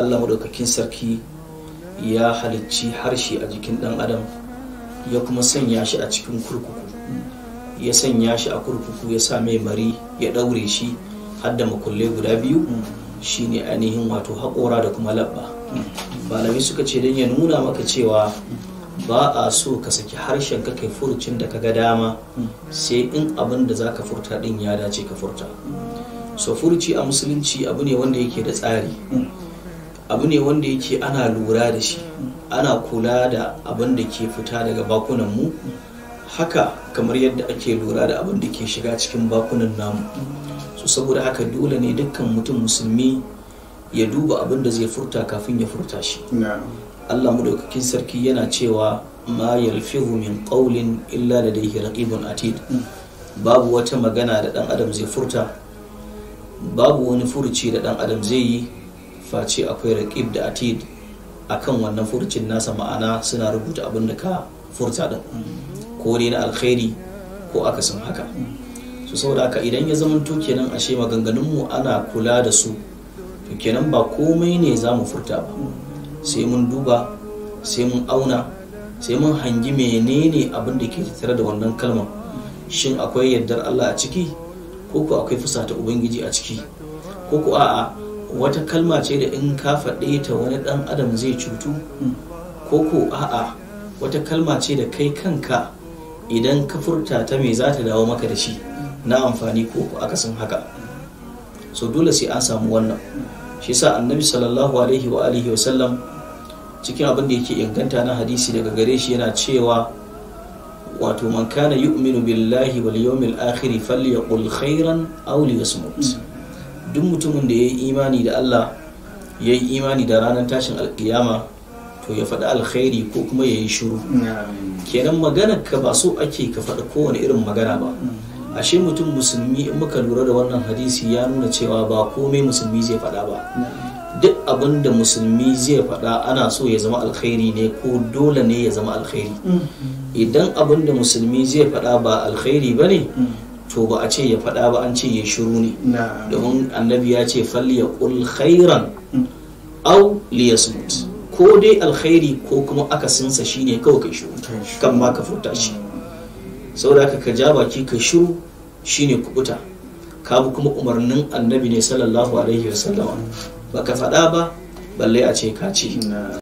Allah maɗaukakin sarki ya halicci harshe a jikin ɗan adam ya kuma sanya shi a cikin kurkuku ya sanya shi a kurkuku ya sa mai mari ya ɗaure shi har da makulle guda biyu shine ainihin wato haƙora da kuma labba malamai suka ce don ya nuna maka cewa ba a so ka saki harshen ka kai furucin da ka ga dama sai in abin da za ka furta ɗin ya dace ka furta so furuci a musulunci abu ne wanda yake da tsari abu ne wanda yake ana lura da shi ana kula da abin da ke fita daga bakunan mu haka kamar yadda ake lura da abin da ke shiga cikin bakunan namu su saboda haka dole ne dukkan mutum musulmi ya duba abin da zai furta kafin ya furta shi Allah mu madaukakin sarki yana cewa ma yalfihu min qawlin illa ladayhi raqibun atid babu wata magana da dan adam zai furta babu wani furuci da dan adam zai yi face akwai raƙib da atid kan wannan furcin nasa ma'ana suna rubuta abin da ka furta din ko ne na alkhairi ko akasin haka sau saboda haka idan ya zamanto kenan ashe maganganunmu ana kula da su to kenan ba komai ne za mu furta ba sai mun duba sai mun auna sai mun hangi menene abin da ke tattare da wannan kalmar shin akwai yardar Allah a ciki ko ko akwai fusata ubangiji a ciki ko ko a'a wata kalma ce da in ka faɗe ta wani ɗan adam zai cutu ko ko a'a wata kalma ce da kai kanka idan ka furta ta mai za ta dawo maka da shi na amfani ko ko akasin haka so dole sai an samu wannan shi sa annabi sallallahu alaihi wa alihi wa sallam cikin abin da yake inganta na hadisi daga gare shi yana cewa wato man kana yu'minu billahi wal yawmil akhir falyaqul khairan aw liyasmut duk mutumin da ya yi imani da Allah ya yi imani da ranar tashin alkiyama to ya faɗi alkhairi ko kuma ya yi shuru kenan maganar ka ba so ake ka faɗi kowane irin magana ba ashe mutum musulmi in muka lura da wannan hadisi ya nuna cewa ba komai musulmi zai faɗa ba duk abin da musulmi zai faɗa ana so ya zama alkhairi ne ko dole ne ya zama alkhairi mm. idan abin da musulmi zai faɗa ba alkhairi ba ne mm. to ba a ce ya faɗa ba an ce ya shiru ne domin annabi ya ce falliya ƙul khairan au liyasmut ko dai alkhairi ko kuma aka akasinsa shine kawai kai shiru kan ma ka furta shi saboda ka ja baki ka shiru shine kubuta ka kuma umarnin annabi ne sallallahu alaihi wasallama ka faɗa ba balle a ce ka ce